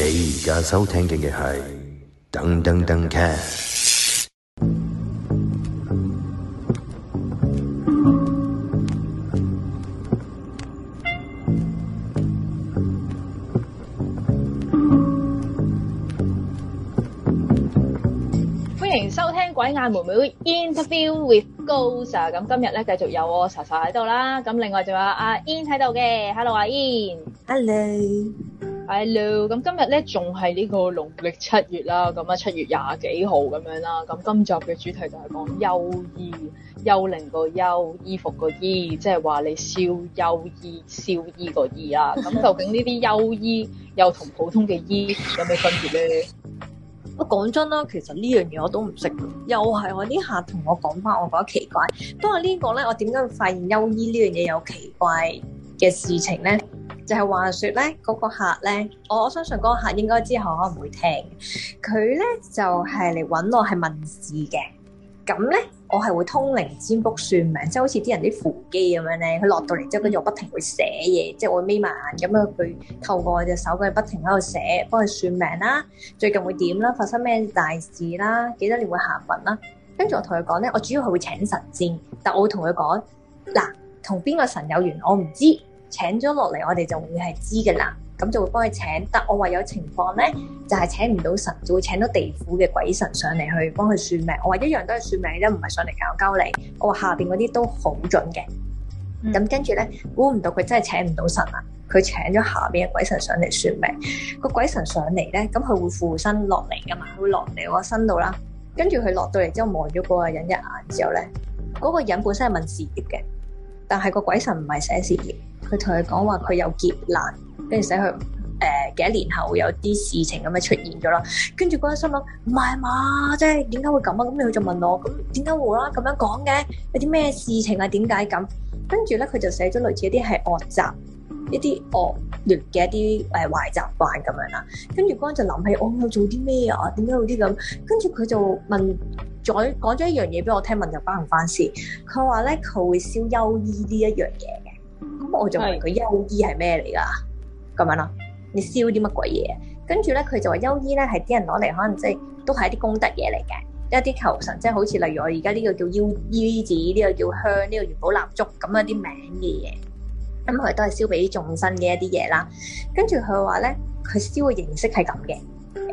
你而家收聽嘅係噔噔噔 cast，歡迎收聽鬼眼妹妹 interview with ghost 啊！咁今日咧繼續有我傻傻喺度啦，咁另外仲有阿 Ian 喺度嘅，hello 啊 Ian，hello。Hello，咁今日咧仲係呢個農曆七月啦，咁啊七月廿幾號咁樣啦，咁今集嘅主題就係講幽衣，幽靈個幽，衣服個衣，即係話你燒幽衣，燒衣個衣啊。咁 究竟呢啲幽衣又同普通嘅衣有咩分別咧？我講真啦，其實呢樣嘢我都唔識。又係我呢下同我講翻，我覺得奇怪。不過呢個咧，我點解會發現幽衣呢樣嘢有奇怪嘅事情咧？就係話説咧，嗰、嗰個客咧，我相信嗰個客應該知，可能唔會聽。佢咧就係嚟揾我係問事嘅。咁咧，我係會通靈占卜算命，即係好似啲人啲扶乩咁樣咧，佢落到嚟之後，跟住我不停會寫嘢，即係我眯埋眼咁樣，佢透過我隻手佢不停喺度寫，幫佢算命啦、啊，最近會點啦，發生咩大事啦、啊，幾多年會下文啦、啊。跟住我同佢講咧，我主要係會請神仙。但我會同佢講，嗱，同邊個神有緣我唔知。請咗落嚟，我哋就會係知噶啦。咁就會幫佢請，但我話有情況咧，就係、係、請唔到神，就會請到地府嘅鬼神上嚟去幫佢算命。我話一樣都係算命啫，唔係上嚟搞鳩你。我話下邊嗰啲都好準嘅。咁、嗯、跟住咧，估唔到佢真係請唔到神啦。佢請咗下邊嘅鬼神上嚟算命。個鬼神上嚟咧，咁佢會附身落嚟噶嘛，會落嚟我個身度啦。跟住佢落到嚟之後，望咗嗰個人一眼之後咧，嗰、嗰個人本身係問事業嘅，但係個鬼神唔係寫事業。佢同佢講話佢有劫難，跟住寫佢誒幾多年後有啲事情咁樣出現咗啦。跟住嗰陣心諗唔係嘛，即係點解會咁啊？咁佢就問我，咁點解會啦咁樣講嘅？有啲咩事情啊？點解咁？跟住咧佢就寫咗類似一啲係惡習、一啲惡劣嘅一啲誒壞習慣咁樣啦。跟住嗰陣就諗起我有做啲咩啊？點解會啲咁？跟住佢就問再講咗一樣嘢俾我聽，問有關唔關事？佢話咧佢會燒幽衣呢一樣嘢。咁、嗯、我就問佢，幽衣係咩嚟噶？咁樣咯，你燒啲乜鬼嘢？跟住咧，佢就話幽衣咧係啲人攞嚟，可能即係都係一啲功德嘢嚟嘅，一啲求神，即係好似例如我而家呢個叫幽衣紙呢個叫香呢、呢個元寶蠟燭咁樣啲名嘅嘢，咁、嗯、佢都係燒俾眾生嘅一啲嘢啦。跟住佢話咧，佢燒嘅形式係咁嘅。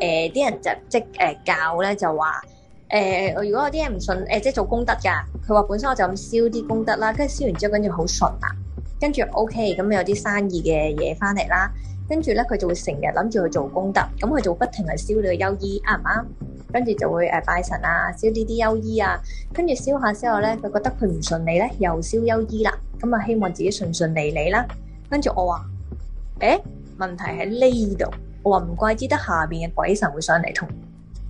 誒、呃，啲人就即誒、呃、教咧就話誒、呃，如果有啲人唔信誒、呃，即係做功德噶，佢話本身我就咁燒啲功德啦，跟住燒完之後跟住好順啊。跟住 OK，咁有啲生意嘅嘢翻嚟啦。跟住咧，佢就會成日諗住去做功德，咁佢就不停去燒你嘅幽衣，啱唔啱？跟住就會誒、呃、拜神啊，燒呢啲幽衣啊。跟住燒下之後咧，佢覺得佢唔順利咧，又燒幽衣啦。咁、嗯、啊，希望自己順順利利啦。跟住我話，誒，問題喺呢度。我話唔怪之得下邊嘅鬼神會上嚟同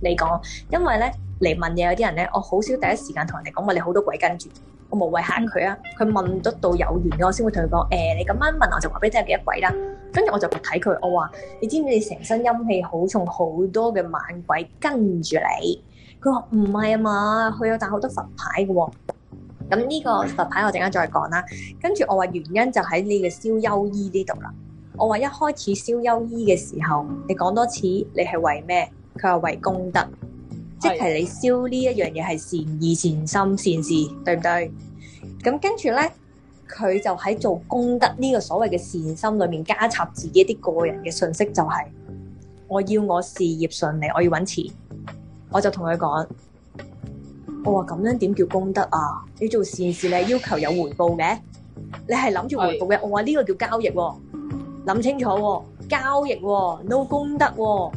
你講，因為咧嚟問嘢有啲人咧，我好少第一時間同人哋講話，你好多鬼跟住。我無謂嚇佢啊，佢問得到有緣嘅我先會同佢講，誒、欸、你咁啱問我就話俾你、啊、你知有幾多鬼啦。跟住我就睇佢，我話你知唔知你成身陰氣好重，好多嘅猛鬼跟住你。佢話唔係啊嘛，佢有帶好多佛牌嘅喎、哦。咁、嗯、呢、這個佛牌我陣間再講啦。跟住我話原因就喺你嘅燒幽衣呢度啦。我話一開始燒幽衣嘅時候，你講多次你係為咩？佢話為功德。即係你燒呢一樣嘢係善意善心善事，對唔對？咁跟住咧，佢就喺做功德呢個所謂嘅善心裏面加插自己啲個人嘅信息，就是，就係我要我事業順利，我要搵錢，我就同佢講，我話咁樣點叫功德啊？你做善事你係要求有回報嘅，你係諗住回報嘅，我話呢個叫交易、哦，諗清楚、哦，交易、哦、no 功德、哦。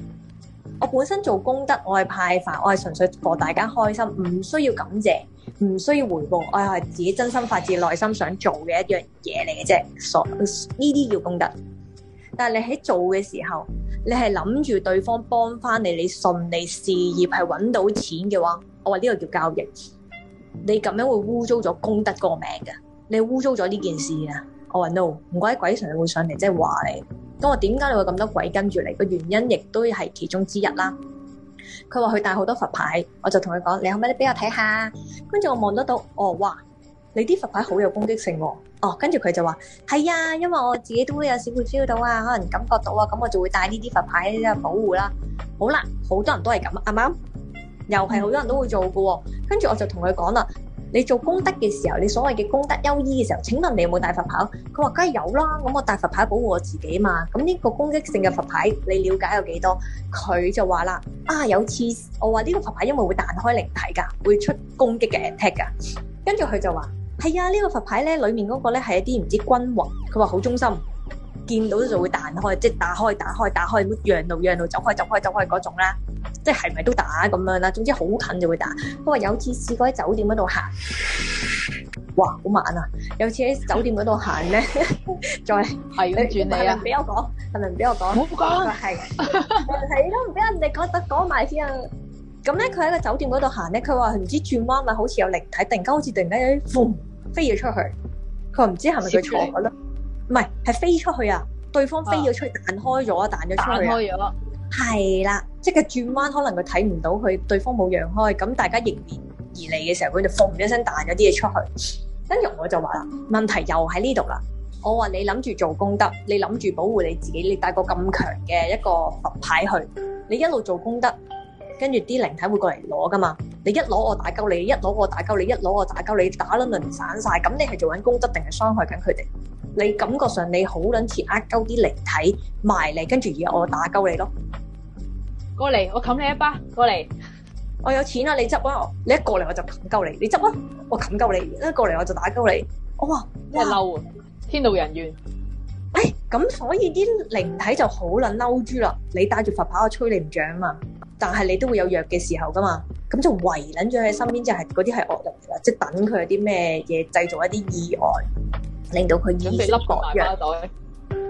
本身做功德，我係派飯，我係純粹博大家開心，唔需要感謝，唔需要回報，我係自己真心發自內心想做嘅一樣嘢嚟嘅啫。所呢啲叫功德。但係你喺做嘅時候，你係諗住對方幫翻你，你順利事業係揾到錢嘅話，我話呢個叫交易。你咁樣會污糟咗功德嗰個名嘅，你污糟咗呢件事啊！我話 no，唔怪得鬼神會上嚟，即係話你。咁我點解你會咁多鬼跟住你？個原因亦都係其中之一啦。佢話佢帶好多佛牌，我就同佢講：你可唔可以俾我睇下？跟住我望得到，哦，哇！你啲佛牌好有攻擊性喎、啊。哦，跟住佢就話：係啊，因為我自己都有少少 feel 到啊，可能感覺到啊，咁我就會帶呢啲佛牌保護啦。好啦，好多人都係咁啱唔啱？又係好多人都會做嘅喎、啊。跟住我就同佢講啦。你做功德嘅時候，你所謂嘅功德幽衣嘅時候，請問你有冇戴佛牌？佢話：梗係有啦，咁我戴佛牌保護我自己嘛。咁呢個攻擊性嘅佛牌，你了解有幾多？佢就話啦：啊，有次我話呢個佛牌因為會彈開靈體㗎，會出攻擊嘅 attack 的。跟住佢就話：係啊，呢、呢個佛牌咧，裡面嗰個咧係一啲唔知軍魂。佢話好忠心。見到就會彈開，即係打開、打開、打開，讓路、讓路，走開、走開、走開嗰種啦。即係係咪都打咁樣啦？總之好近就會打。不過有次試過喺酒店嗰度行，哇好猛啊！有次喺酒店嗰度行咧，再係轉你啊，唔俾我講，係咪唔俾我講？唔好講，係係都唔俾人哋講得講埋先啊。咁咧佢喺個酒店嗰度行咧，佢話唔知轉彎咪好似有靈體，突然間好似突然間有啲飛咗出去。佢話唔知係咪佢錯咗啦？唔係，係飛出去啊！對方飛咗出去，彈、啊、開咗，彈咗出去、啊。彈開咗，係啦，即係佢轉彎，可能佢睇唔到，佢對方冇讓開，咁大家迎面而嚟嘅時候，佢就嘣一聲彈咗啲嘢出去。跟住我就話啦，問題又喺呢度啦。我話你諗住做功德，你諗住保護你自己，你帶個咁強嘅一個佛牌去，你一路做功德，跟住啲靈體會過嚟攞噶嘛。你一攞我打鳩你，一攞我打鳩你，一攞我打鳩你，打撚輪散晒。咁。你係做緊功德定係傷害緊佢哋？你感覺上你好撚似壓鳩啲靈體埋嚟，跟住而我打鳩你咯。過嚟我冚你一巴，過嚟我有錢啦、啊，你執啦。你一過嚟我就冚鳩你，你執啦，我冚鳩你。一過嚟我就打鳩你。我話咩嬲啊？天怒人怨。誒咁、哎，所以啲靈體就好撚嬲豬啦。你帶住佛牌我吹你唔漲嘛，但係你都會有弱嘅時候噶嘛。咁就圍撚咗喺身邊，就係，就係嗰啲係惡人嚟㗎，即係等佢有啲咩嘢製造一啲意外，令到佢揾唔到包藥。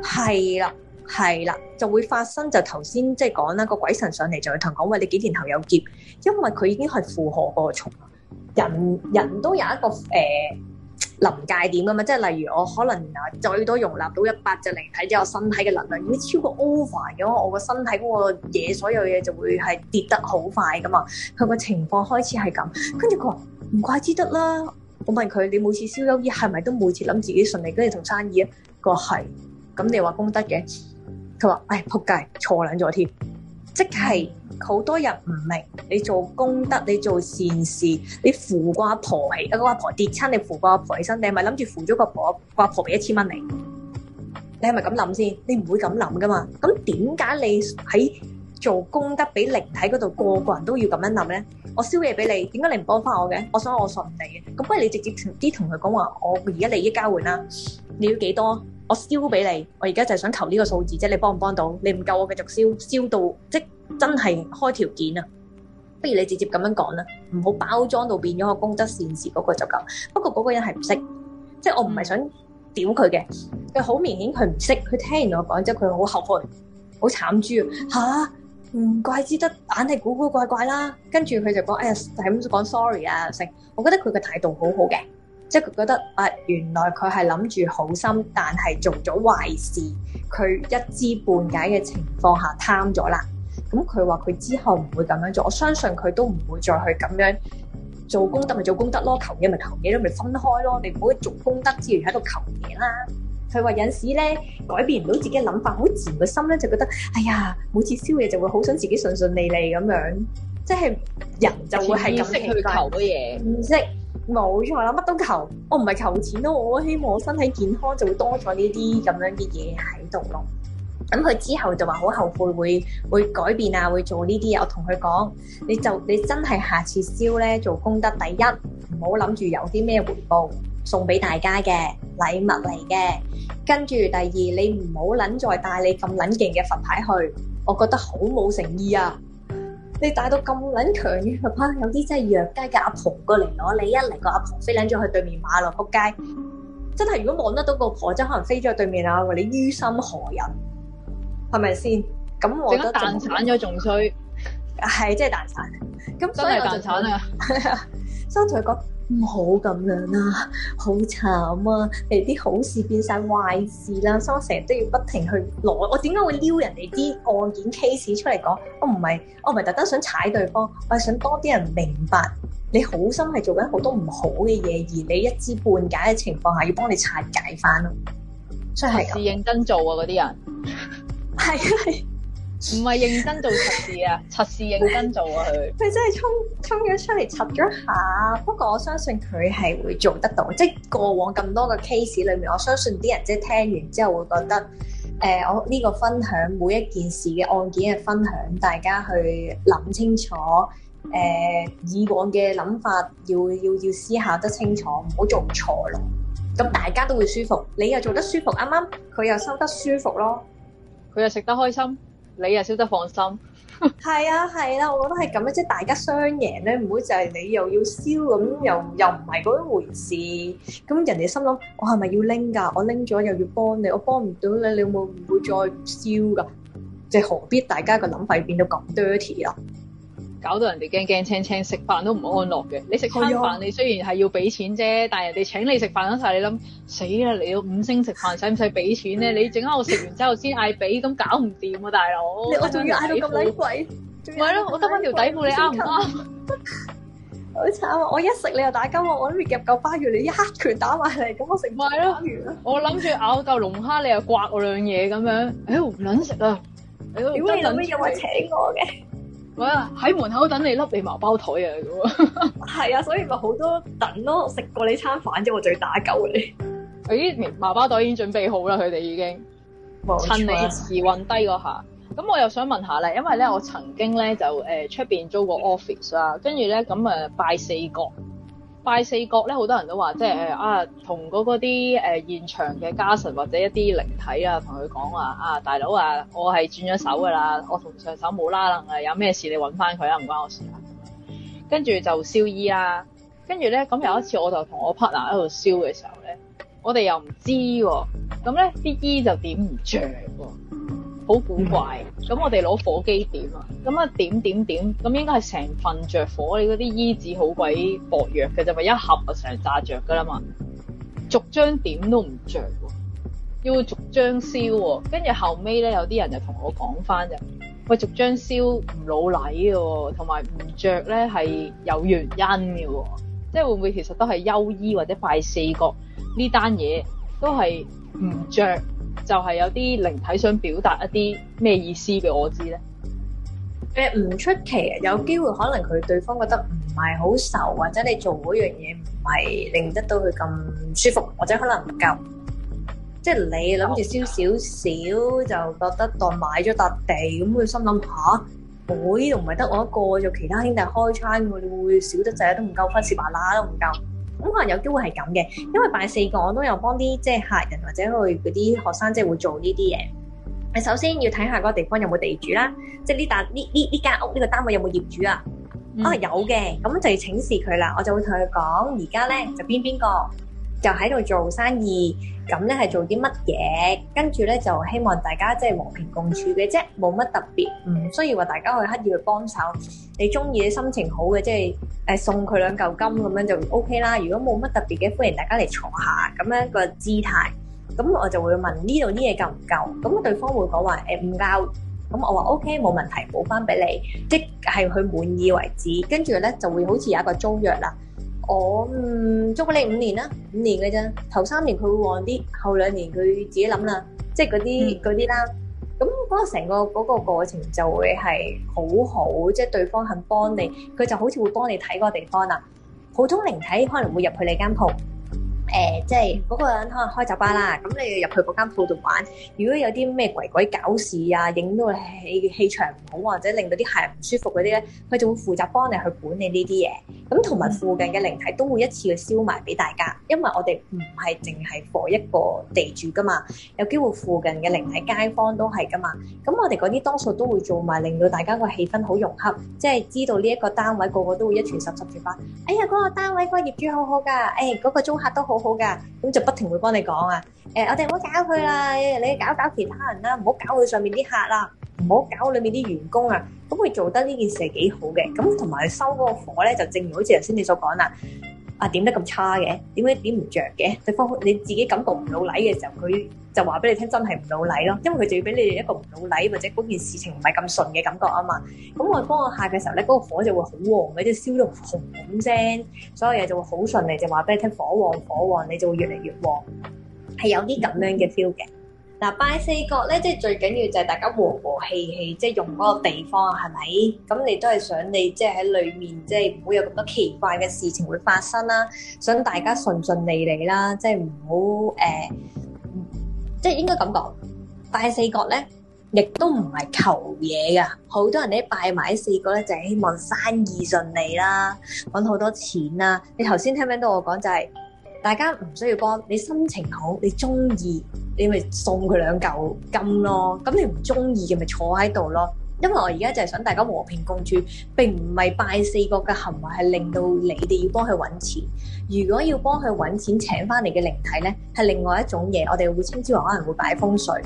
係啦，係啦，就會發生就頭先即係講啦，個鬼神上嚟就同講喂，你幾年前有劫，因為佢已經係負荷過重啦，人人都有一個誒。呃臨界點噶嘛，即係例如我可能啊最多容納到一百隻靈體之後，身體嘅能量如果超過 over 咗，我個身體嗰個嘢所有嘢就會係跌得好快噶嘛。佢個情況開始係咁，跟住佢話唔怪之得啦。我問佢，你每次燒幽衣係咪都每次諗自己順利跟住同生意啊？佢話係。咁你又話功德嘅？佢話唉仆街，錯兩咗添。即係好多人唔明，你做功德，你做善事，你扶個阿婆起，個、啊、阿婆，婆跌親，你扶個阿婆起身，你係咪諗住扶咗個阿婆，個阿婆俾一千蚊你？你係咪咁諗先？你唔會咁諗噶嘛？咁點解你喺做功德俾靈體嗰度，個個人都要咁樣諗咧？我燒嘢俾你，點解你唔幫翻我嘅？我想我順利嘅，咁不如你直接啲同佢講話，我而家利益交換啦，你要幾多？我燒俾你，我而家就係想求呢個數字啫，你幫唔幫到？你唔夠我繼續燒，燒到即真係開條件啊！不如你直接咁樣講啦，唔好包裝到變咗個功德善事嗰個就夠。不過嗰個人係唔識，即係我唔係想屌佢嘅，佢好明顯佢唔識，佢聽完我講之後佢好後悔，好慘豬啊嚇！唔怪之得，硬係古古怪怪啦。跟住佢就講哎呀，就係咁講 sorry 啊，成。我覺得佢嘅態度好好嘅。即係佢覺得啊，原來佢係諗住好心，但係做咗壞事。佢一知半解嘅情況下貪咗啦。咁佢話佢之後唔會咁樣做，我相信佢都唔會再去咁樣做。功德，咪做功德咯，求嘢咪求嘢咯，咪分開咯。你唔好做功德之餘喺度求嘢啦。佢話有陣時咧改變唔到自己嘅諗法，好自然嘅心咧就覺得哎呀，每次燒嘢就會好想自己順順利利咁樣。即係人就會係咁樣去求嘅嘢。唔識。冇錯啦，乜都求，我唔係求錢咯，我希望我身體健康就會多咗呢啲咁樣嘅嘢喺度咯。咁佢之後就話好後悔會，會會改變啊，會做呢啲嘢。我同佢講，你就你真係下次燒呢做功德第一，唔好諗住有啲咩回報送俾大家嘅禮物嚟嘅。跟住第二，你唔好諗再帶你咁撚勁嘅佛牌去，我覺得好冇誠意啊！你大到咁撚強嘅，怕有啲真係弱雞嘅阿婆過嚟攞你一，一嚟個阿婆飛撚咗去對面馬路撲街，真係如果望得到個婆，真可能飛咗去對面啊！你於心何忍？係咪先？咁我覺得蛋散咗仲衰，係、即係、真係蛋散。咁真係蛋散啊！係啊，所以同佢講。 唔好咁樣啦、啊，好慘啊！你啲好事變晒壞事啦，所以我成日都要不停去攞。我點解會撩人哋啲案件 case 出嚟講？我唔係，我唔係特登想踩對方，我係想多啲人明白，你好心係做緊好多唔好嘅嘢，而你一知半解嘅情況下，要幫你拆解翻咯。所以係。係啊，認真做啊，嗰啲人。係係。唔係認真做測試啊，測試認真做啊 真，佢佢真係衝衝咗出嚟，測咗一下。不過我相信佢係會做得到，即係過往咁多個 case 裏面，我相信啲人即係聽完之後會覺得，誒、呃，我呢個分享每一件事嘅案件嘅分享，大家去諗清楚，誒、呃，以往嘅諗法要要要思考得清楚，唔好做錯咯。咁大家都會舒服，你又做得舒服，啱啱佢又收得舒服咯，佢又食得開心。你又燒得放心、 啊，係啊係啦，我覺得係咁啊，即係大家雙贏咧，唔會就係你又要燒咁，又又唔係嗰一回事。咁人哋心諗，我係咪要拎㗎？我拎咗又要幫你，我幫唔到你，你會唔會再燒㗎？即係何必大家個諗法變到咁 dirty 咯。搞到人哋驚驚青青，食飯都唔安樂嘅。你食餐飯，你雖然係要俾錢啫，但係人哋請你食飯嗰陣時，你諗死啦！你要五星食飯，使唔使俾錢咧？你整下我食完之後先嗌俾，咁搞唔掂啊，大佬！我仲要嗌到咁鬼貴，咪係咯？我得翻條底褲，你啱唔啱？好慘！我一食你又打鳩我，我都未夾夠花魚，你一拳打埋嚟，咁我食埋咯。我諗住咬嚿龍蝦，你又刮我兩嘢咁樣，哎喲唔撚食啦！點解諗起有我請我嘅？喺、哎、門口等你笠你麻包袋啊，咁 係啊，所以咪好多等咯，食過你餐飯啫，我仲要打救你。咦、哎，麻包袋已經準備好啦，佢哋已經哇趁你時運低嗰下。咁、嗯、我又想問下咧，因為咧我曾經咧就誒出邊租過 office 啦，跟住咧咁誒拜四角。拜四角咧，好多人都話，即係誒啊，同嗰啲誒現場嘅家神，或者一啲靈體啊，同佢講話啊，大佬啊，我係轉咗手噶啦，我同上手冇啦啦嘅，有咩事你揾返佢啊，唔關我事啊。跟住就燒衣啦、啊，跟住咧咁有一次我我，我、啊、就同我 partner 喺度燒嘅時候咧，我哋又唔知喎，咁咧啲衣就點唔着喎？好古怪，咁我哋攞火機點啊，咁啊點點點，咁應該係成份着火，你嗰啲衣紙好鬼薄弱嘅啫，咪一盒啊成炸着噶啦嘛，逐張點都唔着，要逐張燒、哦，跟住後尾咧有啲人就同我講翻就，喂逐張燒唔老禮嘅、哦，同埋唔着咧係有原因嘅、哦，即係會唔會其實都係幽衣或者拜四角呢單嘢都係唔着。就係有啲靈體想表達一啲咩意思俾我知咧？誒、呃，唔出奇啊，有機會可能佢對方覺得唔係好熟，或者你做嗰樣嘢唔係令得到佢咁舒服，或者可能唔夠。即、就、係、是、你諗住燒少少就覺得當買咗笪地，咁佢心諗下，妹又唔係得我一個，做其他兄弟開餐，會唔會少得滯都唔夠，忽此把乸都唔夠？咁可能有機會係咁嘅，因為擺四個，我都有幫啲即係客人或者去啲學生即係會做呢啲嘢。你首先要睇下嗰個地方有冇地主啦，即係呢笪呢呢呢間屋呢、呢個單位有冇業主啊？啊、嗯、有嘅，咁就要請示佢啦。我就會同佢講，而家咧就邊邊個？就喺度做生意，咁咧係做啲乜嘢？跟住咧就希望大家即係和平共處嘅啫，冇乜特別，唔需要話大家去刻意去幫手。你中意，你心情好嘅，即係誒送佢兩嚿金咁樣就 OK 啦。如果冇乜特別嘅，歡迎大家嚟坐下，咁樣個姿態。咁我就會問呢度啲嘢夠唔夠？咁對方會講話誒唔夠，咁我話 OK 冇問題，補翻俾你，即係佢滿意為止。跟住咧就會好似有一個租約啦。我、oh, 嗯、祝租你五年啦，五年嘅啫。頭三年佢會旺啲，後兩年佢自己諗啦，即係嗰啲嗰啲啦。咁嗰、嗯、個成個嗰、嗰個過程就會係好好，即係對方肯幫你，佢就好似會幫你睇個地方啦。普通靈體可能會入去你間鋪。誒，即係嗰個人可能開酒吧啦，咁你要入去嗰間鋪度玩。如果有啲咩鬼鬼搞事啊，影到氣氣場唔好，啊，或者令到啲客人唔舒服嗰啲咧，佢就會負責幫你去管理呢啲嘢。咁同埋附近嘅靈體都會一次去燒埋俾大家，因為我哋唔係淨係火一個地主噶嘛，有機會附近嘅靈體街坊都係噶嘛。咁我哋嗰啲多數都會做埋，令到大家個氣氛好融洽，即係知道呢一個單位個個都會一傳十十傳百。哎呀，嗰、嗰個單位、嗰個業主好好㗎，誒、哎、嗰、嗰個租客都好。好㗎，咁就不停會幫你講啊。誒、呃，我哋唔好搞佢啦，你搞搞其他人啦，啊，唔好搞佢上面啲客啦，啊，唔好搞裏面啲員工啊。咁佢做得呢件事係幾好嘅，咁同埋收嗰個火咧，就正如好似頭先你所講啦。啊，點得咁差嘅？點解點唔着嘅？對方你自己感覺唔到禮嘅時候，佢就話俾你聽真係唔到禮咯。因為佢就要俾你哋一個唔到禮或者嗰件事情唔係咁順嘅感覺啊嘛。咁我幫我下嘅時候咧，嗰個火就會好旺嘅，即係燒到紅咁聲，所有嘢就會好順利，就話俾你聽火旺火旺，你就會越嚟越旺，係有啲咁樣嘅 feel 嘅。嗱，拜四角咧，即係最緊要就係大家和和氣氣，即係用嗰個地方，係咪？咁你都係想你即係喺裏面，即係唔會有咁多奇怪嘅事情會發生啦，想大家順順利利啦，即係唔好誒，即係應該咁講。拜四角咧，亦都唔係求嘢㗎，好多人咧拜埋啲四角咧，就係希望生意順利啦，揾好多錢啦。你頭先聽唔聽到我講就係，大家唔需要幫你心情好，你中意。你咪送佢兩嚿金咯，咁你唔中意嘅咪坐喺度咯。因為我而家就係想大家和平共處，並唔係拜四角嘅行為係令到你哋要幫佢揾錢。如果要幫佢揾錢請翻嚟嘅靈體咧，係另外一種嘢。我哋會稱之為可能會擺風水，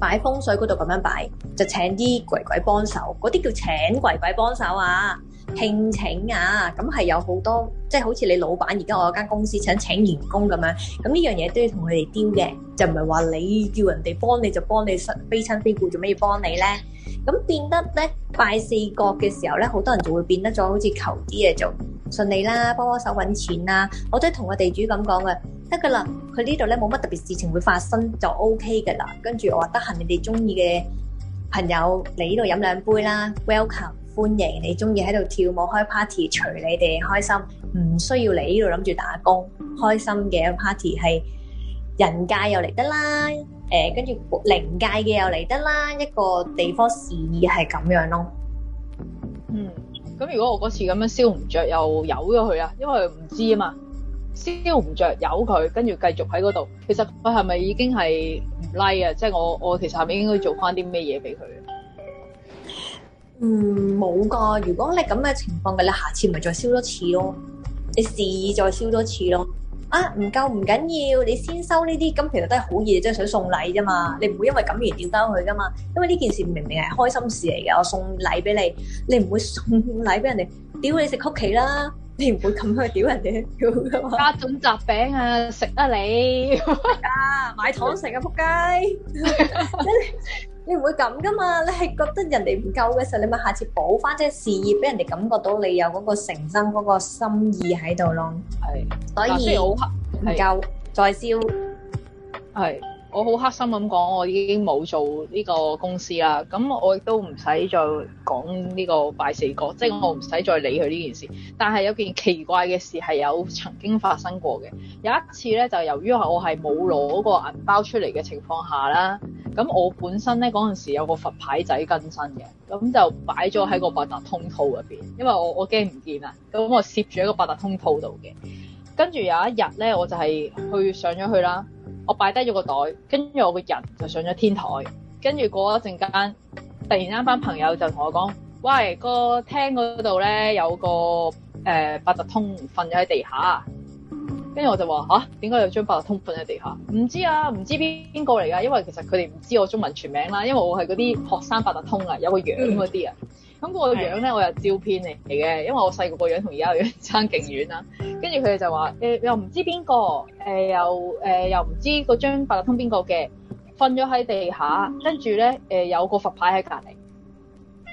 擺風水嗰度咁樣擺，就請啲鬼鬼幫手。嗰啲叫請鬼鬼幫手啊！聘請啊，咁係有好多，即係好似你老闆而家我有間公司想請員工咁樣，咁呢樣嘢都要同佢哋 deal 嘅，就唔係話你叫人哋幫、幫你就幫你，非親非故做咩要幫你咧？咁變得咧，拜四角嘅時候咧，好多人就會變得咗好似求啲嘢做順利啦，幫下手揾錢啦，我都係同個地主咁講噶，得噶啦，佢呢度咧冇乜特別事情會發生就 OK 噶啦，跟住我話得閒你哋中意嘅朋友嚟呢度飲兩杯啦，welcome。歡迎你，中意喺度跳舞開 party，隨你哋開心，唔需要嚟呢度諗住打工，開心嘅 party 係人界又嚟得啦。誒，跟住靈界嘅又嚟得啦。一個地方示意係咁樣咯。嗯，咁如果我嗰次咁樣燒唔著又油咗佢啊，因為唔知啊嘛，燒唔著油佢，跟住繼續喺嗰度。其實佢係咪已經係唔 like 啊？即係我我其實係咪應該做翻啲咩嘢俾佢？嗯。冇噶，如果你咁嘅情況嘅，你下次咪再燒多次咯，你試再燒多次咯。啊，唔夠唔緊要，你先收呢啲，咁其實都係好嘢，即係想送禮啫嘛。你唔會因為咁而丟翻佢噶嘛？因為呢件事明明係開心事嚟嘅，我送禮俾你，你唔會送禮俾人哋，屌你食曲奇啦，你唔會咁去屌人哋屌。家種雜餅啊，食啊你， 啊買糖食啊，仆街。 你唔會咁㗎嘛？你係覺得人哋唔夠嘅時候，你咪下次補返即係事業，俾人哋感覺到你有嗰個誠心、嗰、嗰個心意喺度咯。係的，所以唔、啊、夠的再燒。係。我好黑心咁講，我已經冇做呢個公司啦。咁我亦都唔使再講呢個拜四角，即係我唔使再理佢呢件事。但係有件奇怪嘅事係有曾經發生過嘅。有一次呢，就由於我係冇攞嗰個銀包出嚟嘅情況下啦，咁我本身呢，嗰陣時有個佛牌仔跟身嘅，咁就擺咗喺個八達通套入邊，因為我我驚唔見啊，咁我攝住喺個八達通套度嘅。跟住有一日呢，我就係去上咗去啦。我擺低咗個袋，跟住我個人就上咗天台，跟住嗰陣間突然間班朋友就同我講，喂，個廳嗰度咧有個誒、呃、八達通瞓咗喺地下。跟住我就話吓，點解有張八達通瞓喺地下？唔知啊，唔知邊個嚟㗎？因為其實佢哋唔知我中文全名啦，因為我係嗰啲學生八達通啊，有個樣嗰啲啊。咁個樣咧，我有照片嚟嚟嘅，因為我細個個樣同而家個樣差勁遠啦、啊。跟住佢哋就話誒、欸，又唔知邊個誒，又誒、欸、又唔知嗰張八達通邊個嘅，瞓咗喺地下，跟住咧誒有個佛牌喺隔離，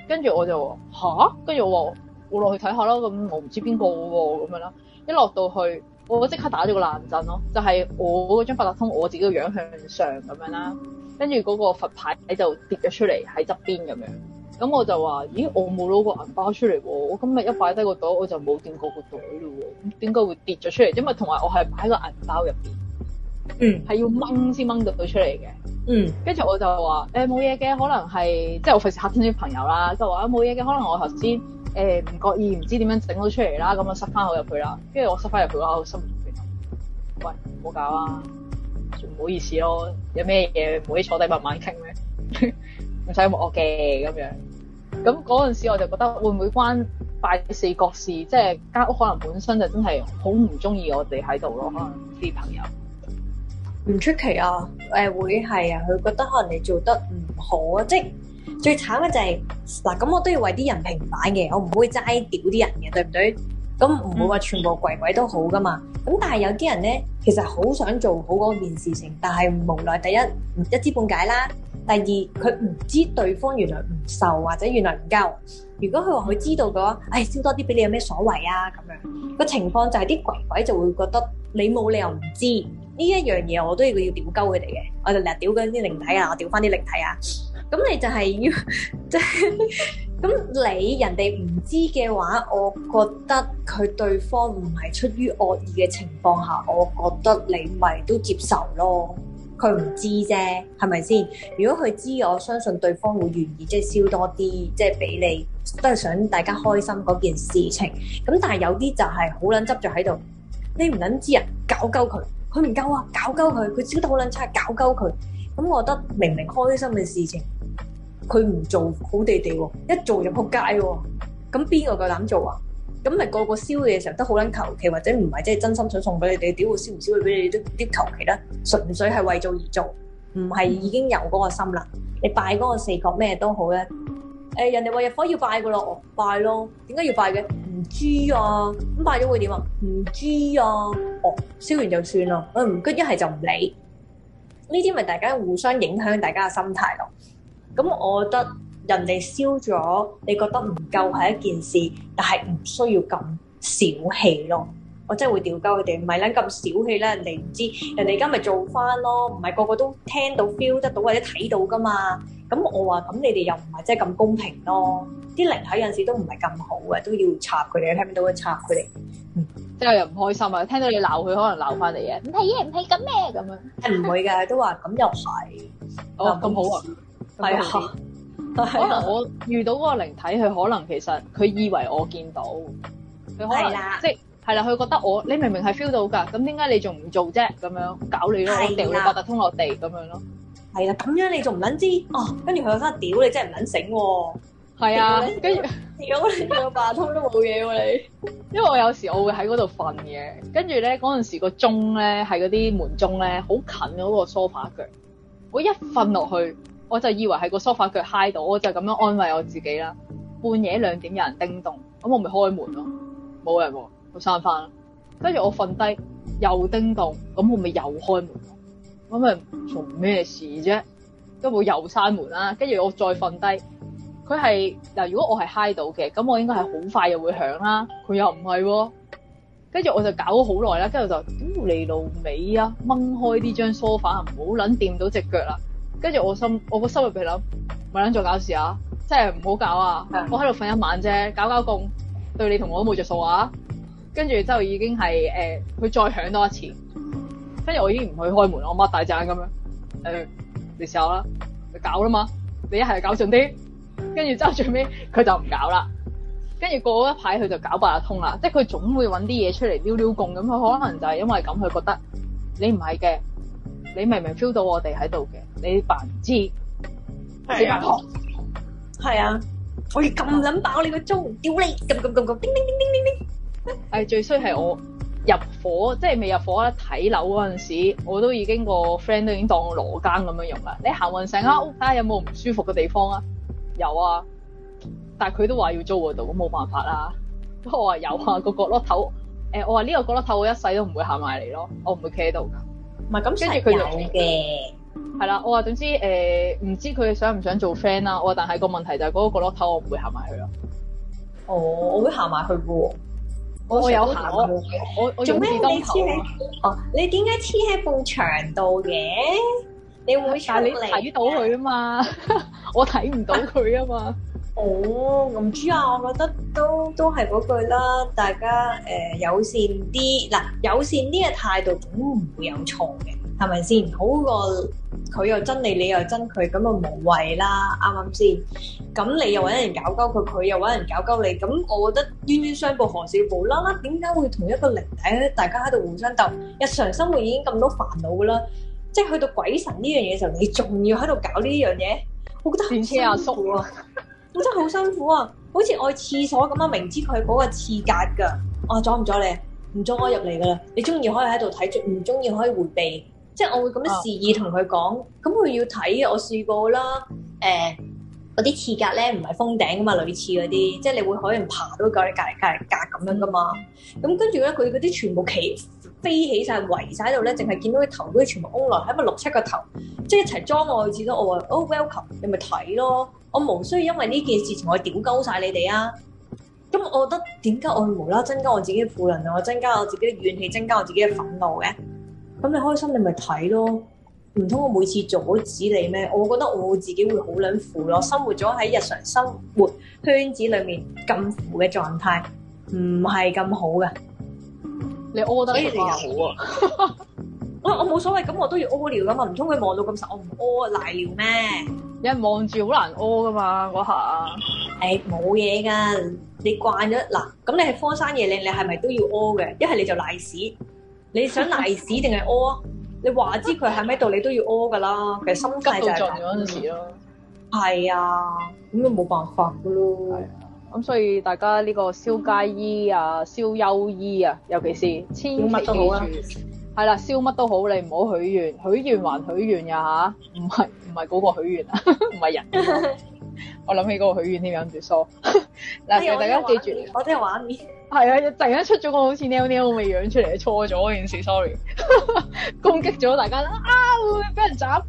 跟住我就嚇，跟住我我落去睇、啊、下咯。咁我唔知邊個喎，咁樣啦。一落到去，我即刻打咗個冷震咯。就係、是、我嗰張八達通，我自己個樣向上咁樣啦，跟住嗰個佛牌喺就跌咗出嚟喺側邊咁樣。咁我就話，咦，我冇攞個銀包出嚟喎，我今日一擺低個袋，我就冇掂過個袋啦，咁點解會跌咗出嚟？因為同埋我係擺個銀包入邊，嗯，係要掹先掹到佢出嚟嘅，嗯。跟住我就話，誒、欸，冇嘢嘅，可能係即係我費事吓親啲朋友啦，就話冇嘢嘅，可能我頭先誒唔覺意唔知點樣整到出嚟啦，咁我塞翻，我入去啦，跟住我塞翻入去嘅話，我我我心諗，喂，唔好搞啦，仲唔好意思咯，有咩嘢唔可以坐低慢慢傾咩？ 唔使我嘅咁樣，咁嗰陣時我就覺得會唔會關拜四國事，即係間屋可能本身就真係好唔中意我哋喺度咯，可能啲朋友唔出奇啊，誒會係啊，佢覺得可能你做得唔好啊，即係最慘嘅就係嗱，咁我都要為啲人平反嘅，我唔會齋屌啲人嘅，對唔對？咁唔會話全部鬼鬼都好噶嘛，咁但係有啲人咧，其實好想做好嗰件事情，但係無奈第一一知半解啦。第二，佢唔知對方原來唔受或者原來唔夠。如果佢話佢知道嘅話，唉、哎，燒多啲俾你有咩所謂啊咁樣。個情況就係啲鬼鬼就會覺得你冇理由唔知呢一樣嘢，我都要要屌鳩佢哋嘅，我就嚟屌緊啲靈體啊，我屌翻啲靈體啊。咁你就係要，咁、就係、 你人哋唔知嘅話，我覺得佢對方唔係出於惡意嘅情況下，我覺得你咪都接受咯。佢唔知啫，係咪先？如果佢知，我相信對方會願意即係燒多啲，即係俾你都係想大家開心嗰件事情。咁但係有啲就係好撚執着喺度，你唔撚知啊？搞鳩佢，佢唔夠啊？搞鳩佢，佢燒得好撚差，搞鳩佢。咁我覺得明明開心嘅事情，佢唔做好地地喎，一做就仆街喎。咁邊個夠膽做啊？咁咪個個燒嘅時候都好撚求其，或者唔係即係真心想送俾你哋，屌會燒唔燒會俾你都啲求其啦，純粹係為做而做，唔係已經有嗰個心啦。你拜嗰個四角咩都好咧，誒、欸、人哋話入伙要拜噶咯，我拜咯，點解要拜嘅？唔知啊，咁拜咗會點啊？唔知啊，哦，燒完就算咯，嗯，跟一係就唔理。呢啲咪大家互相影響大家嘅心態咯。咁我覺得。人哋燒咗，你覺得唔夠係一件事，但係唔需要咁小氣咯。我真係會掉鳩佢哋，唔係撚咁小氣啦，人哋唔知，人哋而家咪做翻咯。唔係個個都聽到、feel 得到或者睇到噶嘛。咁我話咁，你哋又唔係真係咁公平咯。啲靈體有時都唔係咁好嘅，都要插佢哋，聽唔到嘅插佢哋。嗯，即係又唔開心啊，聽到你鬧佢，可能鬧翻嚟嘅。唔係嘅，唔係咁咩咁樣？係唔會嘅，都話咁又係哦咁好啊，係啊。可能、啊、我，我遇到嗰個靈體，佢可能其實佢以為我見到，佢可能的即係係啦，佢覺得我，你明明係 feel 到噶，咁點解你仲唔做啫？咁樣搞你咯，的我掉你八達通落地咁樣咯，係啦，咁樣你仲唔捻知？哦、啊，跟住佢有返屌你，真係唔捻醒喎！係啊，跟住而家我連個八達通都冇嘢喎，你。 因為我有時我會喺嗰度瞓嘅，跟住咧嗰陣時個鐘咧係嗰啲門鐘咧好近嗰個梳化腳，我一瞓落去。 我就以為係個梳化腳揩到，我就咁樣安慰我自己啦。半夜兩點有人叮咚，咁我咪開門咯，冇人喎，我閂翻。跟住我瞓低又叮咚，咁我咪又開門，咁咪做咩事啫？咁我又閂門啦。跟住我再瞓低，佢係嗱，如果我係揩到嘅，咁我應該係好快會響又會響啦。佢又唔係喎，跟住我就搞咗好耐啦。跟住就，你、哦、老味啊，掹開呢張梳化，唔好撚掂到隻腳啦。跟住我心，我個心入邊諗，咪撚做搞事啊！真係唔好搞啊！嗯、我喺度瞓一晚啫，搞搞共，對你同我都冇着數啊！跟住之後已經係誒，佢、呃、再響多一次，跟住我已經唔去開門，我擘大隻眼咁樣誒、呃，你試下啦，你搞啦嘛！你一係搞盡啲，跟住之後最尾佢就唔搞啦。跟住過咗一排，佢就搞八日通啦，即係佢總會揾啲嘢出嚟撩撩共咁。佢可能就係因為咁，佢覺得你唔係嘅。你明明 feel 到我哋喺度嘅，你扮唔知？你扮戇？係啊，啊！我要咁捻爆你個鐘，屌你！咁咁咁咁叮叮叮叮叮叮！係最衰係我入伙，即係未入伙。咧，睇樓嗰陣時，我都已經個 friend 都已經當我羅庚咁樣用啦。你行匀成間屋，睇下有冇唔舒服嘅地方啊？有啊，但係佢都話要租喺度，咁冇辦法啦。不過我話有啊，角欸、個角落頭，誒，我話呢個角落頭我一世都唔會行埋嚟咯，我唔會企喺度。唔係咁，跟住佢有嘅，係啦。我話總之誒，唔、呃、知佢想唔想做 friend 啦。我話，但係個問題就係嗰個角落頭，我唔會行埋去咯。哦，我會行埋去嘅喎。我，過我有行去。我我做咩、啊、你黐你？哦，你點解黐喺埲牆度嘅？你會，但係你睇到佢啊嘛， 我睇唔到佢啊嘛。 哦，咁朱啊，我覺得都都係嗰句啦，大家誒、呃、友善啲，嗱友善啲嘅態度總唔會有錯嘅，係咪先？好過佢又憎你，你又憎佢，咁就無謂啦，啱啱先？咁你又揾人搞鳩佢，佢又揾人搞鳩你，咁我覺得冤冤相報何少報啦？啦，點解會同一個靈體大家喺度互相鬥？日常生活已經咁多煩惱啦，即係去到鬼神呢樣嘢時候，你仲要喺度搞呢樣嘢？我覺得好辛苦啊！我真係好辛苦啊，好似我去廁所咁啊！明知佢嗰個廁格噶，我裝唔裝你？唔裝我入嚟噶啦，你中意可以喺度睇住，唔中意可以回避。即係我會咁樣示意同佢講，咁佢、啊、要睇我試過啦，誒、欸，嗰啲廁格咧唔係封頂噶嘛，類似嗰啲，即係你會可能爬到過你隔籬隔籬隔咁樣噶嘛。咁跟住咧，佢嗰啲全部企飛起晒圍晒喺度咧，淨係見到個頭啲全部烏落，係咪六七個頭？即係一齊裝落去之後，我話，Oh、哦、welcome！你咪睇咯。我無需要因為呢件事情我屌鳩晒你哋啊！咁我覺得點解我會無啦，增加我自己嘅負能量，我增加我自己嘅怨氣，增加我自己嘅憤怒嘅。咁你開心你，你咪睇咯。唔通我每次阻止你咩？我覺得我自己會好撚負咯。生活咗喺日常生活圈子裡面咁負嘅狀態，唔係咁好嘅。你屙得，所以你有啊？我我冇所謂，咁我都要屙尿㗎嘛。唔通佢望到咁實，我唔屙瀨尿咩？有人望住好難屙噶嘛，嗰下、啊。誒冇嘢噶，你慣咗嗱，咁你係荒山野嶺，你係咪都要屙嘅？一係你就瀨屎，你想瀨屎定係屙啊？ 你話知佢喺咪度，你都要屙噶啦。其實心態就係咁。急到撞住嗰陣時咯。係啊。咁都冇辦法噶咯。係咁、啊、所以大家呢個燒街衣啊、嗯、燒幽衣啊，尤其是千祈、啊。係啦，燒乜都好，你唔好許願，許願還許願呀吓，唔係唔係嗰個許願啊，唔係人。我諗起嗰個許願添啊，住 疏、這個。嗱 大家記住，我啲畫面係啊，突然間出咗個好似 Neo Neo 咁嘅樣出嚟，錯咗件事，sorry， 攻擊咗大家啊，會唔會俾人斬？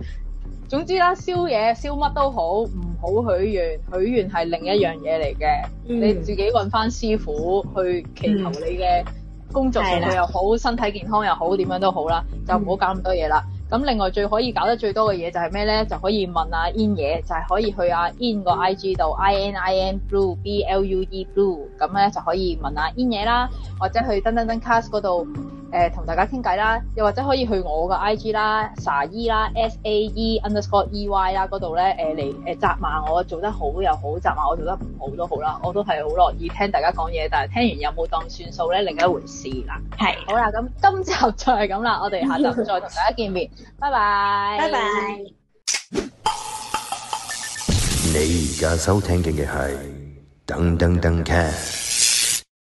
總之啦，燒嘢燒乜都好，唔好許願，許願係另一樣嘢嚟嘅，嗯、你自己搵翻師傅去祈求你嘅。嗯工作佢又好，身體健康又好，點樣都好啦，就唔好搞咁多嘢啦。咁、嗯、另外最可以搞得最多嘅嘢就係咩咧？就可以問啊 i n 嘢，就係、是、可以去啊 IN、嗯、i n 個 IG 度 i n i n blue b l u e blue 咁咧就可以問啊 i n 嘢啦，或者去登登登 cast 嗰度。誒、呃、同大家傾偈啦，又或者可以去我嘅 IG 啦、e,，傻依啦，S A E underscore E Y 啦，嗰度咧、誒嚟、誒責罵我做得好又好，責罵我做得唔好都好啦，我都係好樂意聽大家講嘢，但係聽完有冇當算數咧，另一回事啦。係的，好啦，咁今集就係咁啦，我哋下集再同大家見面，拜拜，拜拜。你而家收聽嘅係噔噔噔 c